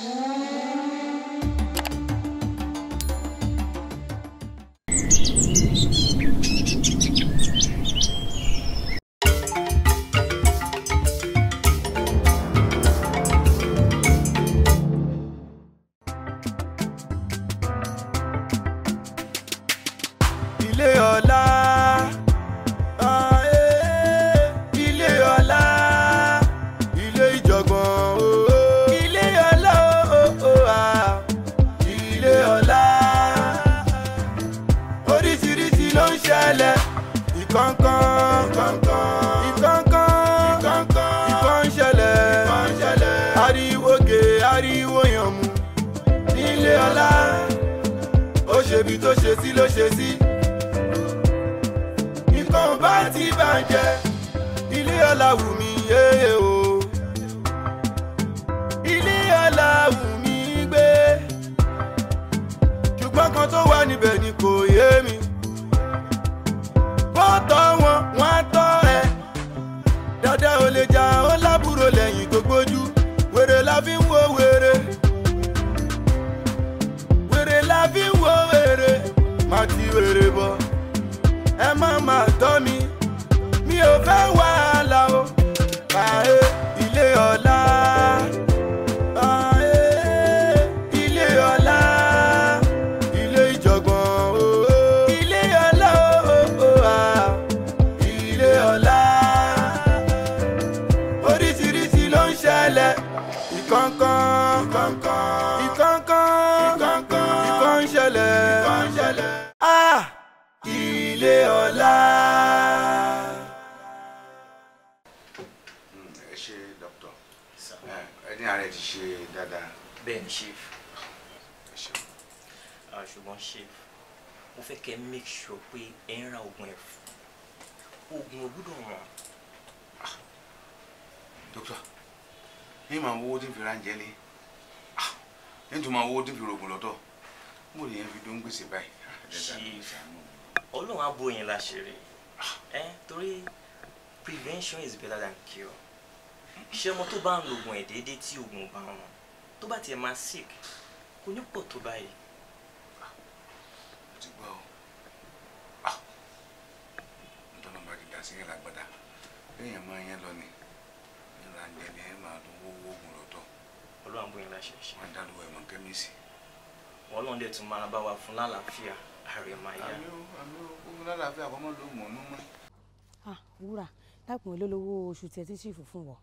Thank you. ṣebi tó ṣe sí ló ṣe sí. nǹkan bá ti bàjẹ́ ilé ọlá wù mí yéé o. ilé ọlá wù mí gbé. ṣùgbọ́n kan tó wà níbẹ̀ ni kò yé mi. bọ́tọ̀ wọn wọ́n á tọ́ ẹ dáadáa ó lè máa tọ́ mi mi ò fẹ́ wàhálà o pààyè ilé ọ̀la. fẹ́ kẹ́ make sure pé ẹ ń ra oògùn ẹ̀ fún oògùn ògbúdọ̀ wọn. Ah, dókítà mi máa wo tí n fi ránjẹ lé ah, nítorí máa wo tí n fi rògùn lọ́tọ̀ mo lè yẹn fi dó ń gbèsè báyìí. Ah, ọlọ́run á bo yẹn láṣìírí ẹ torí prevention is better than cure ṣé ọmọ tó bá ń lo oògùn ẹ̀ déédéé tí oògùn ò bá wọn tó bá tiẹ̀ máa sick kò ní pọ̀ tó báyìí ti gbọ́ ọ ah nítorí wọn bá ti dà sílẹ̀ lágbàdá lẹ́yìn máa yẹn lọ ni nígbà ń dẹni ẹ máa lọ wọ́wọ́ oògùn lọ́tọ̀. ọlọ́run bóyin láṣẹ ṣe. wọn dá lọ́wọ́ ẹ̀mọ kẹ́míìsì. wọn lọ́n dẹ̀ tún máa bá wa fún lálàáfíà ààrẹ máa yá. àmì ó àmì ó fún lálàáfíà kọ́ mọ́ ló mọ̀ mọ́. ah wúrà dákun olólówó oṣù tiẹ̀ tí ṣì fún wọ.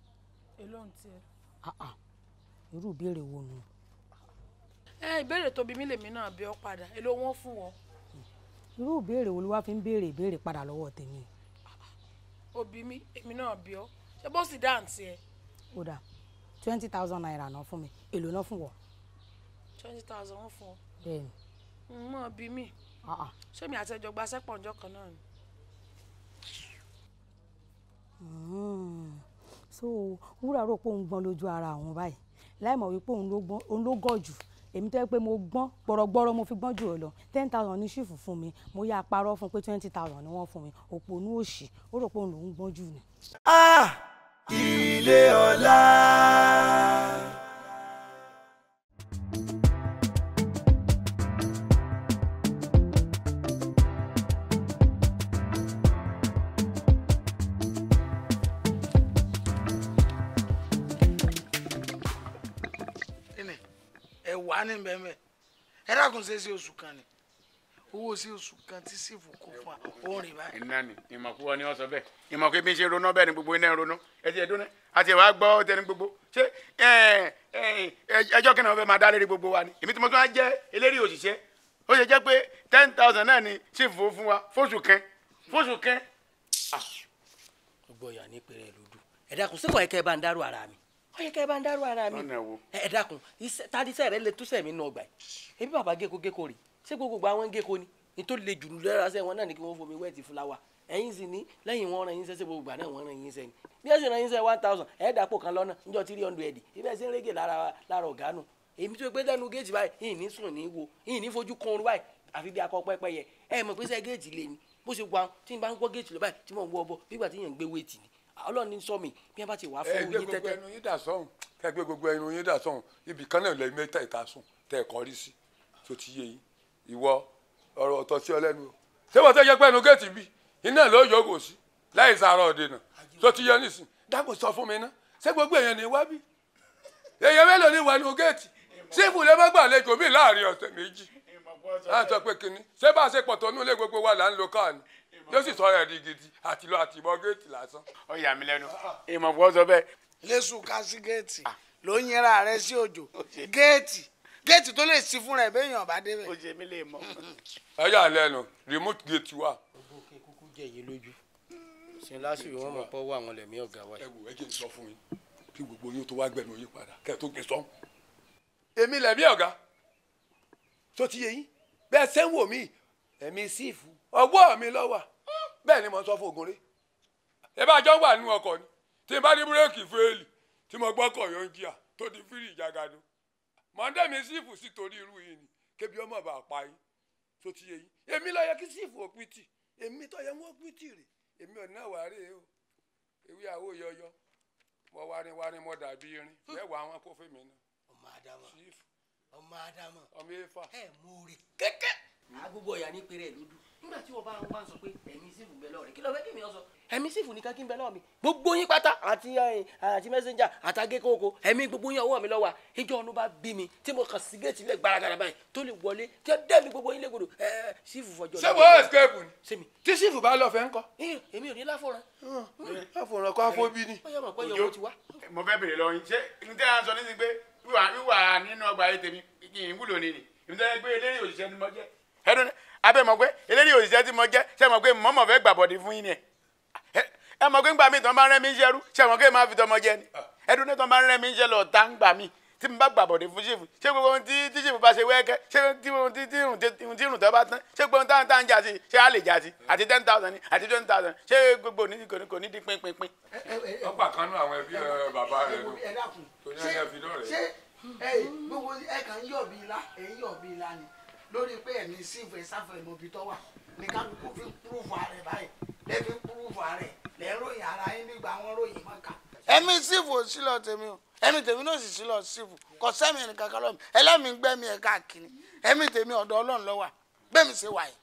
èló ń tiẹ̀. Ah, ah. irú ìbéèrè wo nù. ẹ eh, ìbéèrè tóbi mí lèmi náà bí ọ padà èló wọn fún wọn irú ìbéèrè wo ló wá fi ń béèrè ìbéèrè padà lọ́wọ́ tèmi. òbí mi èmi náà bí ọ ṣé bó sì dáǹtì ẹ. ó dà twenty thousand naira náà fún mi èlò náà fún wọ. twenty thousand wọn fún ọ. bẹ́ẹ̀ni. mọ bí mi ah, ah. ṣé mi àti ẹjọ gba sẹpọ ọjọ́ kan náà ni. Hmm. so wúrà rò pé òun gbọ́n lójú ara àwọn báyìí láì wípé òun ló gọ̀ jù èmi tẹ́ pé mo gbọ́n gbọ́rọ̀gbọ́rọ̀ mo fi gbọ́n jù ọ lọ ten thousand ní ṣìfù fún mi mo yá parọ́ fún pé twenty thousand ni wọ́n fún mi òpònú òṣì ó rò pé òun lòún gbọ́n jù ni. Ah! ilé ọlá. wàhání bẹ́ẹ̀ ẹ dákun ṣe sí oṣù kan ni owó sí oṣù kan tí sífù kó fún wa ó rìn báyìí. iná ni ìmọ̀kúwọ́ ni wọ́n sọ bẹ́ẹ̀ ìmọ̀kú ibi ń ṣe ronú bẹ́ẹ̀ ni gbogbo iná ronú ẹtì ẹdún náà àti ìwà gbọ́ tẹni gbogbo ṣé ẹjọ́ kìnnìún fẹ́ máa dá lérí gbogbo wa ni èmi tí mo tún á jẹ́ eléré òṣìṣẹ́ ó ṣe jẹ́ pé ten thousand náà ni sífù fún wa fóṣù kan fóṣù kan. Ah. gbogbo ìyá ní pẹ̀lẹ́ lódù ẹ̀dá kò sí kọ̀ọ̀kẹ́ bá ń dárò ó yẹ kẹ́ ẹ bá ń dárò ara mi ẹ dákun tadisẹ́ rẹ lè túṣẹ̀ mi nù ọgbà yìí ebi bàbá géko géko rè ṣé gbogbo àwọn géko ni nítorí lè jùlù lẹ́ra sẹ́ wọn náà ni kí wọ́n fomi wẹ́ẹ̀tì fúláwà ẹ̀yin sì ní lẹ́yìn wọn ràn yín sẹ́sẹ́ gbogbo àná wọn ràn yín sẹ́yìn bí ẹ̀sìn ràn yín sẹ́ one thousand ẹ̀ẹ́dàpọ̀ kan lọ́nà níjọ́ tírí hundred ibẹ̀ sí ń rége lára ọ̀gá nù èmi tó gbé dẹnu géètì báyìí ìyìn ní sùn ní wo ìyìn ní fojú kan orú báyìí àfi bí akọ pẹ́pẹ́ yẹ ẹ mọ̀ pé sẹ́ géètì lé ni bó ṣe wà tí n bá ń gbọ́ géètì lọ báyìí tí mò ń wọ́ ọbọ̀ bígbà tí yàn ń gbé wéètì ni ọlọ́run ní sọ mi bí wọ́n bá ti wà fún oyin tẹ́tẹ́. ẹ gbé gbogbo ẹnu yín dà sọ́hùn ẹ gbé gbogbo ẹnu yín dà sọ́hùn ibì kan náà lẹ́yìn mẹ́ta ìta sùn tẹ́ ẹ kọrí sí tó ti yé yín ìwọ ọ̀rọ̀ ọ̀tọ̀ sí ọ lẹ́nu o ṣé wọ́n tẹ́ jẹ́ pẹ́ẹ́nu géètì bí iná ló yọgò sí láì sàárọ̀ òde náà tó ti yẹ nísìn dákò sọ fún mi ná ṣé gbogbo èèyàn ní wá bí èèyàn mélòó ní wẹnu géètì sí ìfúnlẹ̀ má gbàlejò mi láàrin ọ̀sẹ̀ méjì láti sọ pé kinní ṣé bá a ṣe pọ̀ tó gbogbo wa là ń lo káà ni yóò sì sọ̀rọ̀ ẹ̀dí gidi àti lọ àti bọ́ géètì lásán. ó yà mí lẹ́nu ah, ah, ìmọ̀ fún ọ sọ bẹ́ẹ̀. lẹ́sùn kásí géètì ah. ló ń yẹra rẹ sí òjò géètì géètì tó lè sí fúnra ẹ̀ béèyàn bá débẹ̀. ó jẹ mí lè mọ. ẹ yà lẹ́nu remote gate wà. ogun kí kúkú jẹ yìí lójú ṣe lásìkò wọn mọ pọ wà wọn lẹmí ọ̀gá wa. ẹ wò ẹ jẹ n sọ fún yín kí gbogbo yín tó wá gbẹnu yín padà kẹ tó gbé sọ. èmi lẹ̀mí ẹ̀mí sífù ọwọ́ mi lọ́wọ́ bẹ́ẹ̀ ni mo sọ fún Ògúnrẹ́ ẹ bá jọ wà nínú ọkọ̀ ni tí n bá ní búrẹ́kì fẹ́ẹ̀lì tí mo gbọ́kọ̀ yọ ń jìyà tó di fírì ìjàgàdo mọ̀ ń dẹ́mi sífù sí torí irú yìí ni kébi ọmọ bá pa yín tó ti yé yín èmi ló yẹ kí sífù òpin tì èmi tó yẹ wọ́n pin rè èmi ò náà wà rè o ewé àwọ̀ yọyọ mo wárin wárin mo dàbí irin mẹ́wàá wọn kó fún mi náà. ọmọ adama ọmọ adama ọmọ efa ẹ mú rí kékeré agbogbo ọ̀yà ní péré lódú nígbà tí wọn bá wọn bá ń sọ pé ẹ̀mí sífù ń bẹ lọ́ọ̀rẹ́ kí ló fẹ́ kí mi sọ. ẹ̀mí sífù nìkan kí ń bẹ lọ́ọ̀ mi gbogbo yín pátá àti eh, àti mẹ́sẹ̀njà àtàgé kókó ẹ̀mí gbogbo yín ọwọ́ mi lọ́wọ́ ìjọ ọ̀nù bá bí mi tí mo kàn sí géètì ilé gbaragara báyìí tó lè wọlé tí ó dẹ́mi gbogbo yín légodò eh, eh, sífù fọjọ́. ṣé wọ́n escape ni tí sífù bá lọ fẹ́ ń ni. mo ẹdun abẹ mọ pé eléyìí òṣìṣẹ́ tí mo jẹ́ ṣe mọ pé mọ́mọ́ fẹ́ gbàbọ̀dì fún yín ni ẹ mọ pé ńgbà mi tán bá rẹ́ mi ń ṣẹ́rú ṣe mọ pé máa fi tọmọ jẹ ni ẹdun ní tán bá rẹ́ mi ń ṣẹ́ lọ tá ń gbà mí tí mo bá gbàbọ̀dì fún ṣèfù ṣé gbogbo ohun tí tí ṣèfù bá ṣe wẹ́ẹ́kẹ́ ṣé gbogbo ohun tí tí irun tí irun tó bá tán ṣé gbogbo ohun táwọn táwọn ń jà sí ṣé á lè jà sí àti ten thousand ni àti twenty thousand ṣé gbogbo òní kò ní kò ní di pínpínpín. ọgbà kanú àwọn ẹbí bàbá rẹ ló tó ní ẹgbẹ́ fi lọ́rẹ̀ẹ́. ṣé gbogbo ẹ̀ka ń yọ̀ bí ilá ẹ̀ ń yọ̀ bí ilá ni lórí pé ẹ̀mí sífù ẹ̀ sáfù ẹ̀ mọ̀bí tọ́wà ní kálukú fi ń púrúfù ààrẹ báyìí lẹ́ẹ̀fi ń púrúfù ààrẹ lẹ́ẹ̀ ròyìn ara yín nígbà wọn ròyìn mọ́ka. ẹ̀mí sífù ò sí lọ tèmi o ẹ̀mí tèmi náà sì sí lọ sífù kò sẹ́mi ẹnì kankan lọ́mi ẹlẹ́mi gbẹ́mi ẹ̀ káàkiri ẹ̀mí tèmi ọ̀dọ̀ Ọlọ́run ló wà bẹ́ẹ̀ mi ṣe wà yìí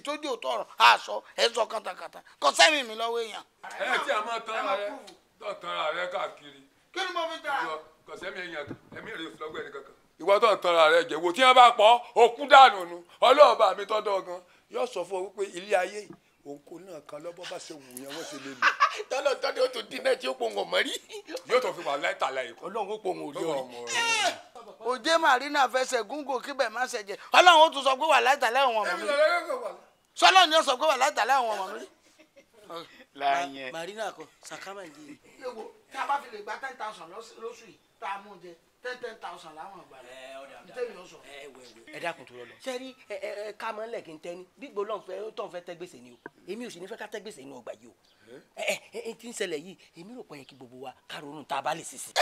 ìtọ́jú òtọ́ ọ̀rọ̀ àṣọ ẹ̀zọ́ kàtàkàtà kò sẹ́mi mi lọ́wọ́ èèyàn. ẹ ti àmọ́ tán rẹ tán rẹ káàkiri kí ni mo fi gbà. kò sẹ́mi èèyàn ẹ̀mí rẹ̀ ò sí lọ́gbẹ̀ẹ́ ìwọ tó ń tanra rẹ jẹ wò tí wọn bá pọ òkú dànù nu ọlọ́ọ̀bà mi tọ́dọ̀ gan yóò sọ fún ọ wípé ilé ayé òǹkó náà kan lọ́bọ́ bá ṣe wù yẹn wọ́n ṣe lè lò. tọ́lọ̀ tọ́lọ̀ ó tún dín náà tí ó pohùn ọ̀mọ́ rí. yóò tó fi wà láìta láyé kọ́ ọlọ́run ó pohùn òrí ọ̀rọ̀. òjé marina fẹsẹ̀ gúngò kíbẹ̀ má ṣe jẹ ọlọ́run ó tún sọ pé wà láìta láyé àwọn ọmọ mi. sọlọ́run ni ó sọ pé wà láìta láyé ọmọ mi. marina kọ sàkámà yìí. tá a bá fi lè gba ten thousand lóṣù yìí tá a mú jẹ ten ten thousand láwọn àgbà rẹ ntẹ́mi ọ̀sọ̀. ẹ dákun tó lọ lọ. sẹ́rí ẹ ẹ ká mọ́ ńlẹ̀ kí n tẹ́ ní gbígbó lọ́n fẹ́ tọ́n fẹ́ tẹ́ gbèsè ni o èmi ò sì ní fẹ́ ká tẹ́ gbèsè inú ọgbà yìí o ẹ ẹ ẹ ti ń ṣẹlẹ̀ yìí èmi rò pé yẹ kí gbogbo wa ká ronú tá a bá lè sisi. Eh,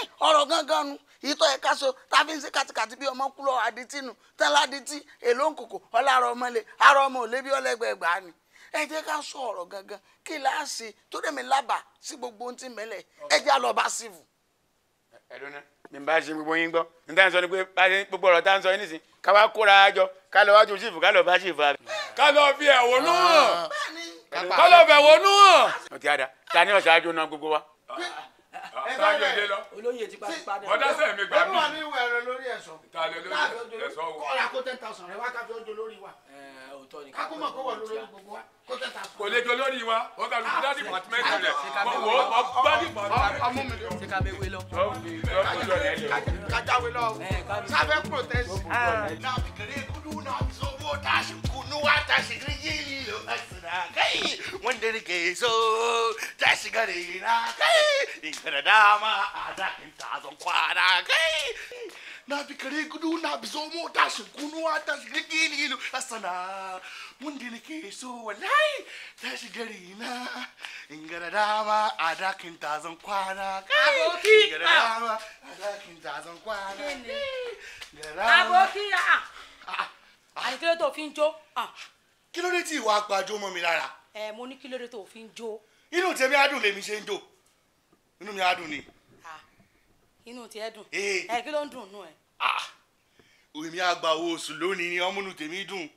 eh, ọ̀rọ̀ gangan nu ìtọ́ ẹ̀ káṣọ tàbí ń ṣe kàtìkàtì bí ọmọ kúlọ̀ adití nu tẹ́lá adití èlò òǹkòkò ọ̀làrà ọmọlẹ̀ àrọ̀ ọmọ òlébí ọlẹ́gbẹ̀ẹ́gbà ni ẹ jẹ́ ká sọ ọ̀rọ̀ gangan kí láàṣì ní bá ṣe gbogbo yín gbọ́ ní tá à ń sọ ni pé bá ṣe gbogbo ọ̀rọ̀ tá à ń sọ yín nísìn ká wá kóra jọ ká lọ wájú chief ká lọ bá chief àbí. ká lọ fi ẹ̀wọ̀nú hàn ká lọ fẹ̀wọ̀nú hàn. ọ̀tí àdá ta ni ọ̀ṣáájú náà gbogbo wa. Ah sáájú òde lọ. olóyè ti pa dẹ. ọ̀dà sẹ́yìn mi gbà mí. ẹ̀mí wà ní ẹ̀rọ lórí ẹ̀sọ́. ìtàlẹ̀ lórí ẹ̀sọ́ wo. kọ́ra kó ten thousand rẹ wá ká fi ọjọ́ lórí wa. òótọ́ ni kákó mọ̀ kó wọ̀ lórí gbogbo wa kó ten thousand. kò lè jọ lórí wa ó ká lu ah, dádì pàtímẹ́ntì rẹ̀ mo wò ó bádì pàtímẹ́ntì rẹ̀. ṣé ká bẹ wé lọ. kájáwé lọ sáfẹ́ protest. náà kìkìrì kudu náà sọ́wọ́ dáṣ kunuwa ta shigiri yi lo asira kai wanda rike so ta shiga rena kai in dama a da in kai na bi kare gudu na bi zo mo tashin kunuwa asana mun da nake tashi gari na in dama a da kin kai aboki dama a da kin ta aboki a ah, ah, ah. àìkéré tó fi ń jó. kí ló dé tí ìwà àgbàjọ mi lára. ẹ eh, mo ní kí ló dé tó fi ń jó. inú tèmi á dùn inú mi á dùn ni. inú tiẹ̀ dùn ẹ kí ló ń dùn nù ẹ. èmi àgbà owó oṣù lónìí ni ọmúnú tèmi dùn.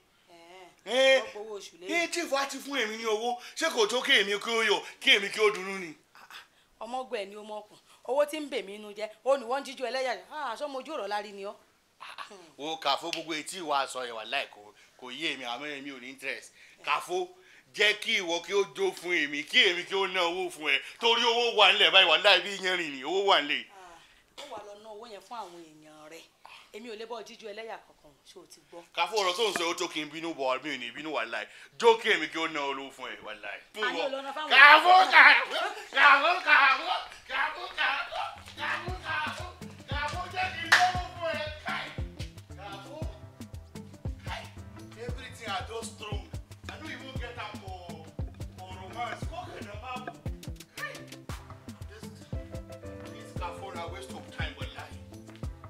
ọgbọ owó oṣù lẹ́yìn. tíìfù á ti fún èmi ní owó ṣé kò tó kí èmi kí ó yọ kí èmi kí ó dùnnú ni. ọmọgbọ ẹ ni ó mọkùn owó tí ń bè mí inú jẹ ó ní wọn jíjó ẹlẹyà aṣọ ah, mojú lárí ni ọ. o kàfó gbogbo etí ìwà aṣọ ìwà láì kò yé èmi àmọ́ èmi ò ní interest kàfó. jẹ́ kí ìwọ kí ó jó fún èmi kí èmi kí ó ná owó fún ẹ torí owó wà nílẹ̀ báyìí wà láì bí yẹn rìn ní owó wà nílẹ̀. Ah, ó wà lọ ná owó yẹn fún àwọn èèyàn rẹ èmi ò lè bọ́ jíjú ẹlẹ́yà kankan ṣé o ti gbọ́. káfọ́ ọ̀rọ̀ tó ń sọ ó tó kí n bínú bọ̀ mí ò ní bínú wà láì jó kí èmi kí ó ná olówó fún ẹ wà láì. àyè olóná fáwọn káfọ́ káfọ́ káfọ́ káfọ́ káfọ́ káfọ́ káfọ́ káfọ́ jẹ́ kí n lówó fún ẹ káì káfọ́ káì everything I just are waste of time wallahi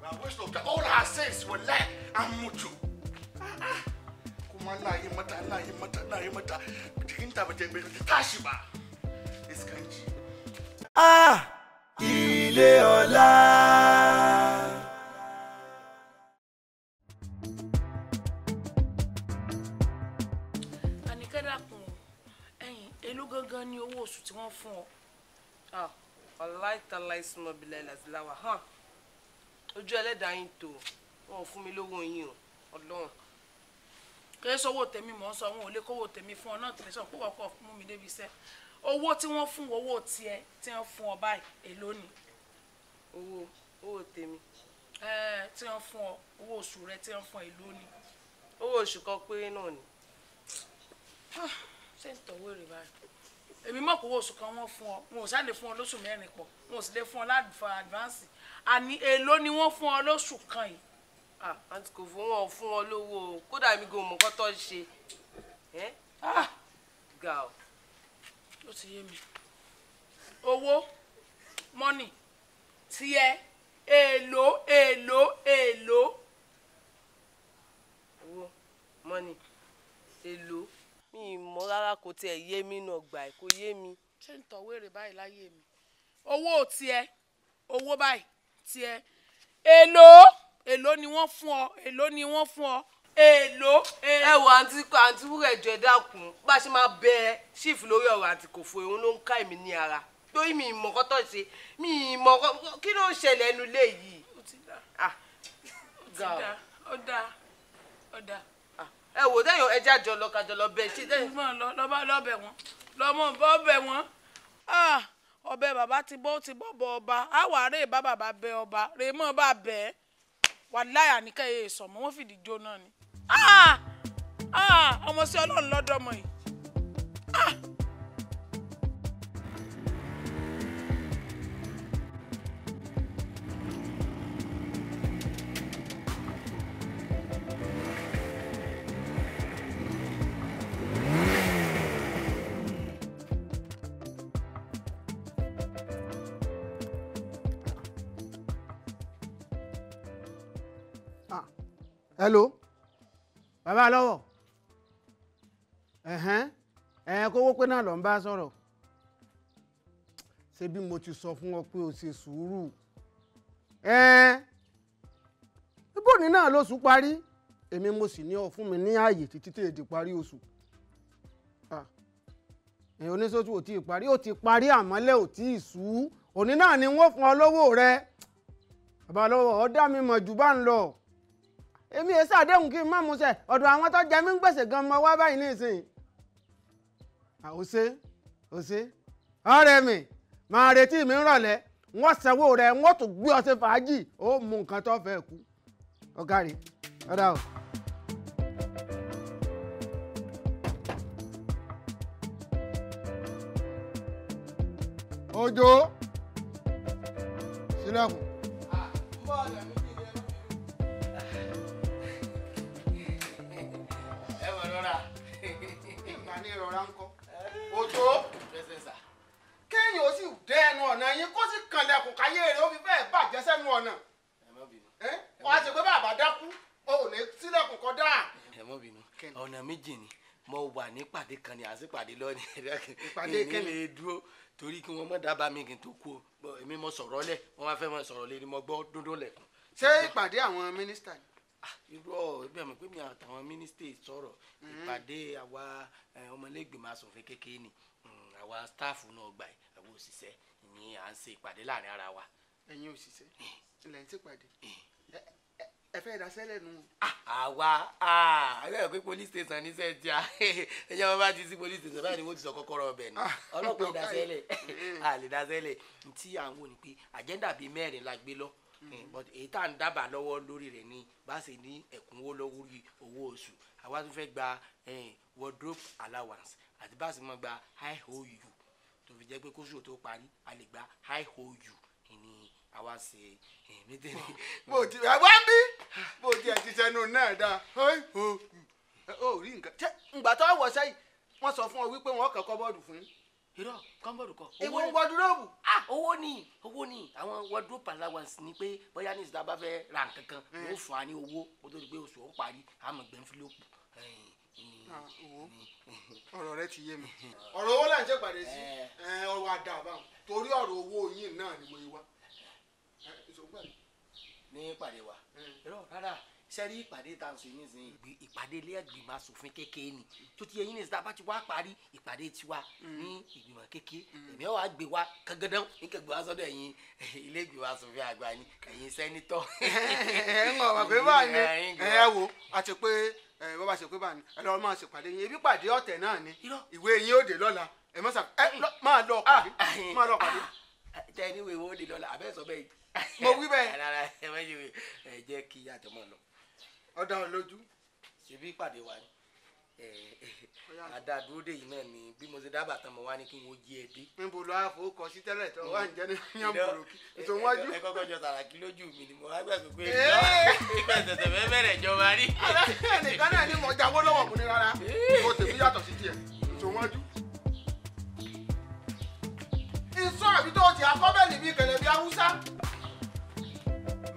we are waste of time all our sins wallahi an mutu ah, ah. kuma na mata na mata na yi mata jikinta ba ta tashi ba iskanci ah ilé ni owó oṣù tí wọ́n fún ọ. Ah aláìtàláìsímọ̀ bilẹ̀ làzìláwà hàn ojú ẹlẹ́dàá yín tó wọn ò fún mi lówó yín o ọlọ́run. kéré sọ́wọ́ tèmi mọ̀ ń sọ wọn ò lè kówó tèmi fún ọ náà tèmi sọ pé wọ́n kọ́ mú mi débi iṣẹ́ owó tí wọ́n fún owó tiẹ̀ tí wọ́n fún ọ báyìí èló ni. owó owó tèmi. ẹ ẹ tí wọ́n fún ọ owó oṣù rẹ tí wọ́n fún ọ èló ni. owó oṣù kan péré náà ni. Ah, ṣé ń tọ́wọ́ rè báyìí èmi mọ̀ kówó oṣù kan wọ́n fún ọ wọn ò sáde fún ọ lóṣù mẹ́rin pọ̀ wọn ò sì lè fún ọ láàdùfà àdìvánsì àní èló ni wọ́n fún ọ lóṣù kan yìí. àǹtí kò fún wọn fún wọn lówó o kódà mi gan mọ̀ kọ́tọ́ ṣe ah! ga o. ó ti yé mi owó mọ́nì tiẹ̀ èlò èlò èlò. owó mọ́nì èlò mi mọ̀ rárá kò tiẹ̀ yé mi nà gbà ẹ̀ kò yé mi. ṣé n tọ̀wé rè báyìí láyé mi owó tiẹ̀ owó báyìí tiẹ̀ èlò èlò ni wọ́n fún ọ èlò ni wọ́n fún ọ èlò. ẹ wo àǹtí àǹtí wúrẹ̀ jọ ẹ dákun bá a ṣe máa bẹ ṣífù lórí ọ̀rọ̀ àǹtí kò fò òun ló ń ká èmi ní ara torí mi ìmọ̀ kọ́tọ̀ ṣe mi ìmọ̀ kí ló ń ṣẹlẹ̀ ẹnu lé yìí. ó ti dá ah, ó ti dá ó dá ó dá ẹ wò dẹ́yìn ẹja jọlọ kàjọlọ bẹ̀ ṣe dẹ́yìn. mo lọ lọ bá lọ́bẹ̀ wọn lọ́mọ bọ́ bẹ̀ wọn ah, ọbẹ̀ bàbá ti bọ́ ti bọ́ bọ ọba àwa rè bá bàbá bẹ ọba rè mọ́ bá bẹ ẹ́ wà láyà nìkan yẹ sọ mọ́ wọ́n fìdí jó náà ni ah, ah, ọmọ sí ọlọ́run lọ́dọ̀ ọmọ yìí. hello bàbá lọ́wọ́ ẹ̀hẹ́n ẹ̀hẹ́n kówó pé náà ló ń bá sọ̀rọ̀ ṣé bí mo ti sọ fún ọ pé o ṣe sùúrù ẹ̀ẹ́n níbo ni náà lóṣù parí èmi mo sì ní ọ fún mi ní ààyè títí tí èdè parí oṣù ẹ̀yìn oníṣòtú ò tí ì parí ó ti parí àmọ́lẹ̀ ò tí ì sú òní náà ni wọ́n fún ọ lówó rẹ bàbá lọ́wọ́ ọ dá mi mọ̀ jù bá ń lọ. èmi ẹ ṣàdéhùn kí n má awọn ṣẹ ọ̀dọ̀ àwọn gan mọ wá báyìí nísìnyí. àwòṣe ose ọ̀rẹ́ mi máa retí mi ń rọ̀lẹ́ wọ́n sanwó rẹ̀ tún gbé ọ fàájì ó mú nǹkan tó kú o. ní ìrọ̀rá ńkọ́ òjò kéèyàn ó sì dé ẹnu ọ̀nà yín kó sì kànlẹ̀kùn káyé rẹ̀ ó fi bẹ́ẹ̀ bàjẹ́ sẹ́nu ọ̀nà wọ́n ṣe pé bàbá dákú o ò ní sílẹ̀kùn kọ́ dáa. ọ̀nà méjì ni mo wà ní kan ní àsìpàdé lọ́ọ̀nì ìpàdé kẹ́lẹ́ dúró torí kí wọ́n mọ̀ dábàá mi kì í tó kú o èmi mo sọ̀rọ̀ lẹ̀ wọ́n máa fẹ́ mọ sọ̀rọ̀ lé ni mo gbọ́ dúndún lẹ̀kùn. ṣé ìpàdé àwọn mínísítà ni irú ọ ebi àmọ́ pé mi àtàwọn mínísítà sọ̀rọ̀ mm-hmm. ìpàdé àwa eh, ọmọlẹgbẹmọ asòfin kékeré ni hmm, àwa sítáàfù náà gbà ẹ àwọn òṣìṣẹ́ ni à ń ṣe ìpàdé láàrin ara wa. ẹ̀yin òṣìṣẹ́ eh. ilẹ̀ ń ṣèpàdé eh. ẹ fẹ́ ìdásẹ́lẹ̀ nù. Ah, àwa ah, àgbẹ̀ pé police station ní sẹ́jà ẹ̀yẹ́ wọn bá ti sí police station báyìí ni wọ́n ti sọ kọ́kọ́rọ́ ọbẹ̀ ni ah, ọlọ́pàá ìdásẹ́lẹ̀ àlè ìdásẹ́lẹ̀ tí à ń wò ni pé agenda bíi mẹ́rin la gbé lọ́ọ́ Hmm. but èyí tá à ń dábàá lọ́wọ́ lórí rẹ̀ ni bá ṣe ní ẹ̀kúnwó lórí owó oṣù àwa tún fẹ́ gba eh, wardrobe allowance àti bá ṣe máa gba iou tó fi jẹ́ pé kóṣù tó parí a lè gba iou ní àwa ṣe eh, mídìrí. mo ti wá bí mo ti ẹ̀ ti sẹ́nu náà dáa ó rí nǹkan. ǹgbà tó wọ̀ sẹ́yìn wọ́n sọ fún ọ wípé wọ́n kàn kọ́ bọ́ọ̀dù fún yín irọ́ kọ́ńbọ̀dù kọ. èwo wọdúróòbù. ah owó ni owó ni àwọn wọdúróòbù allowance ni pé bóyá ní ìsìta bá fẹ́ ra nǹkan kan yóò hmm. fún wa ní owó kó tó di pé oṣù ó parí àmọ̀ gbẹ̀nfìlópù. Eh, ah, ọ̀rọ̀ rẹ ti yé mi. ọ̀rọ̀ owó là ń ṣèpàdé sí ọ̀rọ̀ eh. àdàbà eh, torí ọ̀rọ̀ owó yìí náà ni mo yí wá. ní ìpàdé wa hmm. irọ́ rárá sẹ́rí ìpàdé tá a sọ yìí nísìnyí ìpàdé ilé ìgbìmọ̀ asòfin kékeré ni tó ti yẹ yín nísìnyí tá a bá ti parí ìpàdé tiwa ní mm. ìgbìmọ̀ kékeré mm. èmi ọ̀ wá gbé wa kangadan ní kẹgbẹ́ wa sọ́dọ̀ ẹ̀yin eh, ilé ìgbìmọ̀ asòfin àgbà ni ẹ̀yin sẹ́nitọ́. ẹ ń wọ̀ pé báà ni ẹ wo àti pé bó bá ṣe pé báà ni ẹ lọ́ọ́ máa ṣèpàdé yín ebi pàdé ọ̀tẹ̀ náà ni ìwé yín ó dé lọ́la ẹ ah, ah, eh, máa lọ pàdé ah, máa lọ pàdé tẹ ọ̀dà olójú. ṣèbí ìpàdé wa ni adádúró dé yìí náà ni bí mo ṣe dábàá tán mo wá ní kí n wo jí ẹ dé. níbo ló á fowó kọ sí tẹ́lẹ̀ tó wà ń jẹ́ ní yànbùrù ètò wájú. ẹ kọ́kọ́ jọ Sàràkí lójú mi ni mo wá gbàgbé pé nígbà ìṣẹ̀ṣẹ̀ fẹ́ bẹ̀rẹ̀ ìjọba rí. ẹnìkan náà ni mo jáwó lọ́wọ́ kùnrin rárá kò tèmi yàtọ̀ sí tiẹ̀ ètò wájú. ìsọ àbí tó ti akọ́bẹ̀lì bíi kẹlẹ̀ bíi haúsá.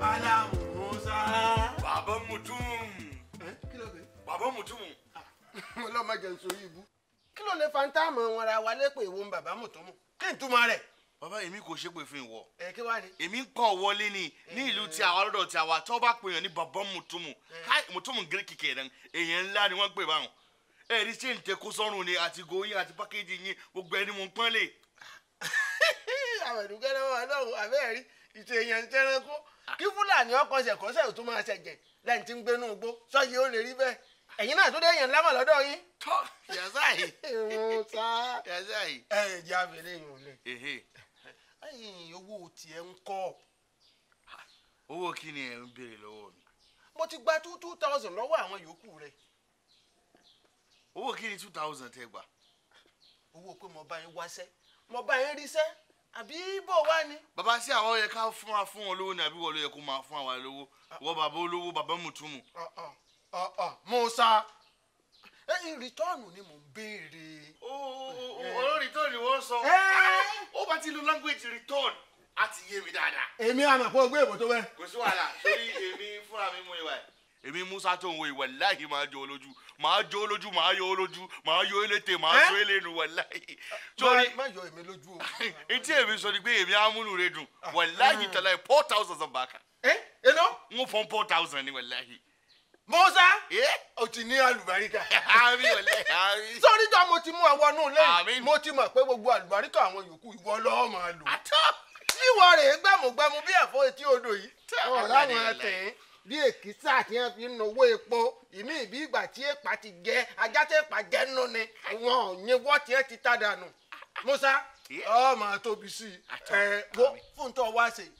màlá bàbá mùtúmù. ọlọ́mọ jẹ́ nítorí ibú. kí ló lè fanta mọ wọn ra wa lépè ìwo ń bàbá mùtúmù kí n túmọ̀ rẹ̀. bàbá èmi kò ṣépè fún ìwọ. ẹ kí wàá ní. èmi ń kọ́ wọlé ni ní ìlú ti àwa lọ́dọ̀ ti àwa tó bá pè yàn ní bàbá mùtúmù mùtúmù gíríkì kẹrẹ èèyàn ńlá ni wọ́n pè báwọn. ẹ rí ṣé n tẹ kó sọ́run ni àti goyin àti pákéjì yín gbogbo ẹni mo ń pọ́n lè. àwọn ìdúgbẹ́ àbẹ́ẹ̀rí ìtò ń tẹ́ràn ẹ̀yin náà tún dé èèyàn lámọ̀ lọ́dọ̀ yín. tọ́ yàtọ̀ àyè. èèwọ̀ sá. yàtọ̀ àyè. ẹ ẹ jẹ́ abẹ́rẹ́ yìí ò lè. ẹ̀yin owó tiẹ̀ ń kọ́. owó kí ni ẹ̀ ń béèrè lọ́wọ́ mi. mo ti gba two two thousand lọ́wọ́ àwọn yòókù rẹ̀. owó kí ni two thousand tẹ gbà. owó pé mo bá yín wáṣẹ́ mo bá yín ríṣẹ́ àbí bò wá ni. bàbá sí àwọn yẹ ká fún wa fún wọn lówó ni àbí wọn ló yẹ kó máa fún àwa lówó ah. wọ bàbá olówó bàbá mùtúmù. Ah, ah. Musa ẹyin rìtọ́ọ̀nù ni mò ń béèrè. ọ̀rọ̀ rìtọ́ọ̀nù wọ́n sọ ó bá ti lo language return a ti yé mi dáadáa. èmi àmà fún ọgbẹ́ ìbò tó bẹ́ẹ̀. kò sí wàhálà sórí èmi fúnra mi mú ìwà ẹ̀. èmi Musa tó ń wo ìwà láyé máa jó olójú máa jó olójú máa yọ olójú máa yọ eléte máa jó elénu wà láyé. sórí má yọ èmi lójú o. etí èmi sọ ni pé èmi amúnúre dùn wà láyé ah. tẹ̀lé four thousand bàkà. ẹ ẹ lọ. n ó four thousand ni wà láyé. Musa. o ti ní àlùbáríkà. àmì ọ̀lẹ́ àmì. sórí jọ mo ti mú àwọn náà lẹ́yìn mo ti mọ̀ pé gbogbo àlùbáríkà àwọn yòókù ìwọ lọ́wọ́ máa lò. ìwọ rèé gbàmùgbàmù bí ẹ̀fọ́ etí odò yìí. ọ̀la wọn tẹ̀ bí èkìtà tí wọn fi ń nowó epo ìmí ìbí ìgbà tí èpà ti jẹ ajá tí èpà jẹ nù ni wọn ò ní wọ́n tiẹ̀ ti tá dànù. Ah, ah. Musa ọ máa tóbi sí i ẹ wo fún tó wá sí i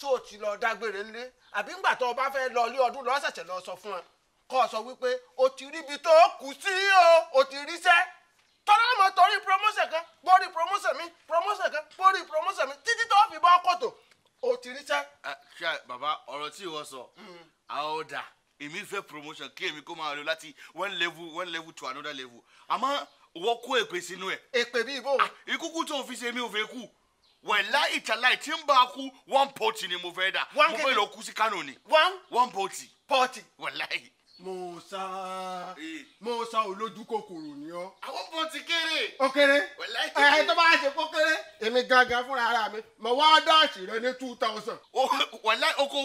tó o ti lọ dágbére ńlé àbí ńgbà tó o bá fẹ́ lọ ilé ọdún lọ ṣẹ̀ṣẹ̀ lọ sọ fún ọ kó o sọ wípé o ti ríbi tó o kù sí o o ti ríṣẹ́ tọ́lá mọ̀ torí promotion kan gbórí promotion mi promotion kan gbórí promotion mi títí tó o fi bọ́ kòtò o ti ríṣẹ́. ṣe bàbá ọ̀rọ̀ tí ìwọ sọ àwọn ọ̀dà èmi fẹ́ promotion kí èmi kó máa lọ láti one level one level to another level àmọ́ wọ́n kó èpè sínú ẹ̀. èpè bíi bò. ìkúkú ah, tó o fi ṣe mi ò fẹ́ kú wàláì tàláì tí ń bá a kú one pọ́ọ̀tì ni mo fẹ́ dà mo fẹ́ lọ kú sí Kánò ni one pọ́ọ̀tì pọ́ọ̀tì wàláì. Musa Musa olójú kòkòrò ni ọ. àwọn bọ̀ ti kéré. ó kéré. ẹ tó bá ṣe kó kéré. èmi gangan fúnra ara mi mo wá dáàsì rẹ ní two thousand. wàláì oko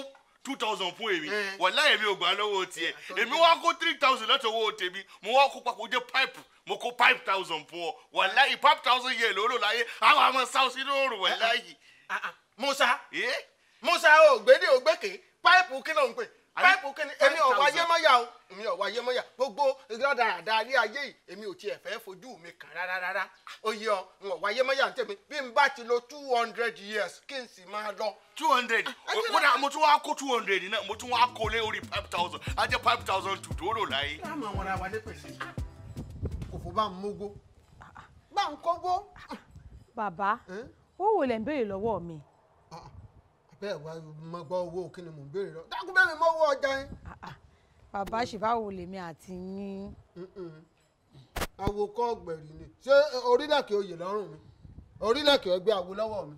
two thousand fún èmi eh. wọ̀lá èmi ò gbà lọ́wọ́ tiẹ̀ eh, èmi wá kó three thousand láti owó tèmi mo wá kó papọ̀ jẹ́ pipe mo kó five thousand fún ọ wọ̀lá yìí five thousand yẹ lóró láyé àwọn àmọ́ south sínú òòrùn wọ̀lá yìí. Musa eh? Musa ò gbé ní ògbékè pipe kí ló ń pè é páìpù kí ni èmi ò wá ayé mọ́yà o èmi ò wá ayé mọ́yà gbogbo ìrọ̀dàdà ayé ayé yìí èmi ò tiẹ̀ fẹ́ fojú mi kàn rárá rárá oyè ọ n ò wá ayé mọ́yà tèmi bí n bá ti lo two hundred years kí n sì máa lọ. two hundred kódà ah, mo tún wá kó two hundred náà mo tún wá kó lé orí five thousand á five thousand two tó rò láyé. kí á máa wọra wa lé pèsè kò fò bá ń mógó bá ń kógó. Ah, ah. bàbá ó wò ń béèrè lọ́wọ́ mi bẹ́ẹ̀ wá mo gbọ́ owó kí ni mò ń béèrè lọ dákun bẹ́ẹ̀ mi mọ owó ọjà yín. Ah, ah. bàbá ṣìbáwo lèmi àti yín. àwòkọ́ ọ̀gbẹ̀rì ni ṣé orílẹ̀-èdè oyè lọ́rùn mi orílẹ̀-èdè ẹgbẹ́ àwo lọ́wọ́ mi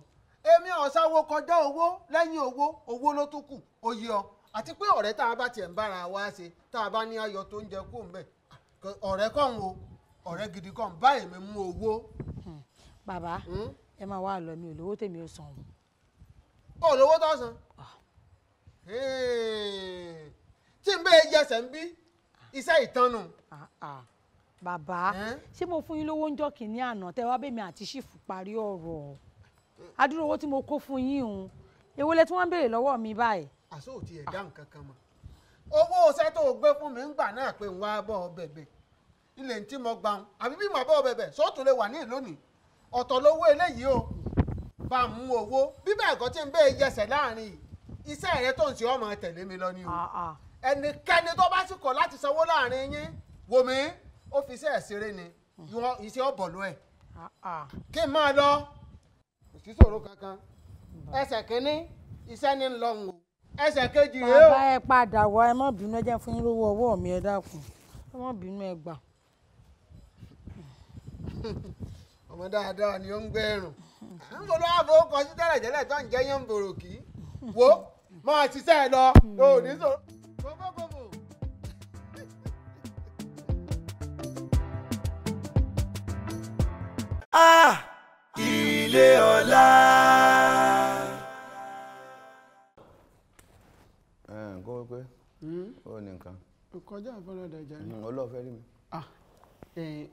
èmi ọ̀sáwó kọjá owó lẹ́yìn owó owó ló tún kù oyè ọ àti pé ọ̀rẹ́ tá a bá tiẹ̀ ń bára wa ṣe tá a bá ní ayọ̀ tó ń jẹ kó ń bẹ̀ ọ̀rẹ́ kàn wo ọ̀rẹ́ gidi kàn báyìí mi mú owó. Hmm. bàbá hmm? ẹ máa wá lọ mi ò lówó tèmi ò sàn o ó lówó tó san tí n bẹ́ẹ̀ jẹsẹ̀ ń bí iṣẹ́ ìtọ́nù. Ah, ah. bàbá ṣé mo fún yín lówó ń jọ kìíní àná tẹ wá bèmi àti ṣìfù parí ọ̀rọ̀ adúrò owó tí mo kó fún yín òun èwo lẹ tí wọ́n ń béèrè lọ́wọ́ mi báyìí. àṣọ òtí ẹ̀dá nǹkan kan mọ̀ owó iṣẹ́ tó o gbé fún mi ń gbà náà pé ń wá bọ́ ọ bẹ̀bẹ̀ ilé tí mo gbà ń àbí bí mo bọ́ ọ bẹ̀bẹ̀ sọ́ọ̀tún lè wà ní ìlónìí ọ̀tọ̀ lówó eléyìí o bá ń mú owó bí bẹ́ẹ̀ kọ́ tí ń bẹ́ẹ̀ yẹsẹ̀ láàrin iṣẹ́ rẹ tó ń ṣe ọmọ tẹ̀lé mi lọ ni o ah, ah. ẹnikẹ́ni tó bá sì kọ̀ láti sanwó láàrin yín wò mí ó fi iṣẹ́ ẹ̀ ṣeré ni iṣẹ́ ọ̀bọ̀ ló ẹ̀ ah, kí n máa lọ kò sí ṣòro kankan ẹsẹ̀ kínní iṣẹ́ ní ń lọ ń wò ẹsẹ̀ kejì rèé o. bàbá ẹ padà wá ẹ má bínú ẹ fún yín lówó ọwọ́ mi ẹ dákun ẹ má bínú ẹ gbà. ọmọ dáadáa ni ó ń gbẹrùn ń bolo àbò sí tẹ́lẹ̀ tẹ́lẹ̀ tó ń jẹ́ yán bòròkì wo máa ṣiṣẹ́ lọ o ò ní sọ. ilé ọlá. ẹ ǹkan wípé hmm? ó ní nǹkan. kọjá àfaradà ìjà ni. olóòfẹ́ rí mi. ah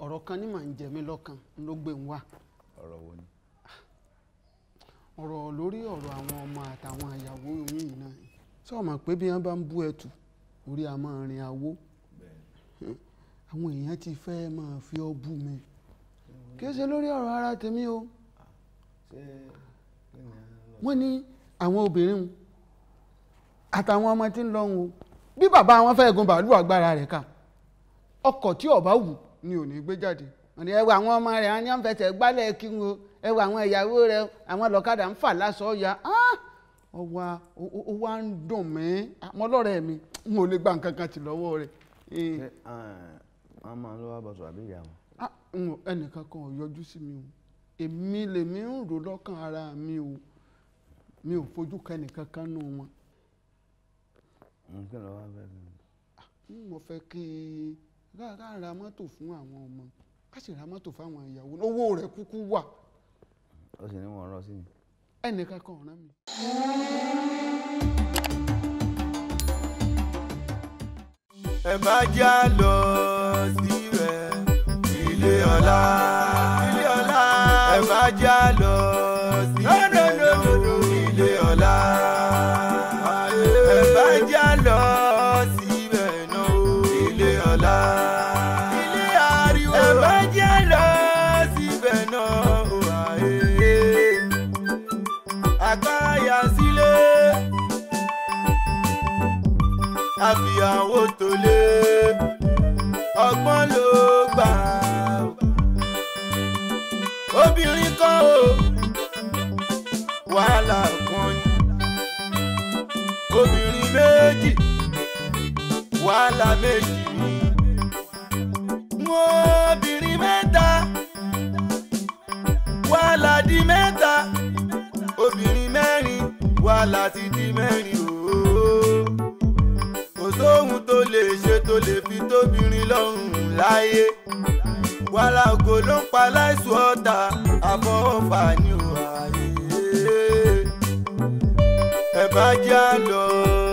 ọ̀rọ̀ kan ní màá ń jẹ mí lọ́kàn ló gbé ń wá. ọ̀rọ̀ wo ni. ọ̀rọ̀ lórí ọ̀rọ̀ àwọn ọmọ àtàwọn àyàwó yìí náà sọ ma pé bí wọ́n bá ń bú ẹ̀tù orí a máa rin awó àwọn èèyàn ti fẹ́ máa fi ọ́ bú mi kí ṣe lórí ọ̀rọ̀ ara tèmi o wọ́n ní àwọn obìnrin àtàwọn ọmọ tí ń lọ́hùn o bí bàbá wọn fẹ́ gun bàálù agbára rẹ̀ ká ọkọ̀ tí ọba wù ni ò ní gbé jáde àwọn ọmọ rẹ̀ á ní àǹfẹ̀sẹ̀ gbálẹ̀ kí n o ẹwà àwọn ìyàwó rẹ̀ àwọn ọlọ́kadà ń fà lásọ ọ̀yà ọwà ah! ó wá ń dùn mí àmọ́ lọ́rẹ̀ mi n ò lè gba nǹkan kan tì lọ́wọ́ rẹ̀. màmá ló wá bọ̀sọ̀ àbí ìyá wọn. ẹnìkan kan ò yọjú sí mi o èmi lèmi ń rò lọ́kàn ara mi o mi ò fojú ká ra mọ́tò fún àwọn ọmọ ká sì ra mọ́tò fáwọn ìyàwó owó rẹ̀ kúkú wà. ó sì ní wọn rán sí mi. ẹnìkan kan rán mi. ẹ má já lọ sí rẹ ilé ọlá ẹ má já lọ. àfìyàwó tó lé ọgbọ́n ló gbà obìnrin kan o wàhálà kan ni obìnrin méjì wàhálà méjì ni obìnrin mẹ́ta wàhálà di mẹ́ta obìnrin mẹ́rin wàhálà ti di mẹ́rin. lọ́rùn láyé wàhálà ògo ló ń pa láìsùn ọ̀tá àfọwọ́fà ni ò àyè ẹ bá já lọ.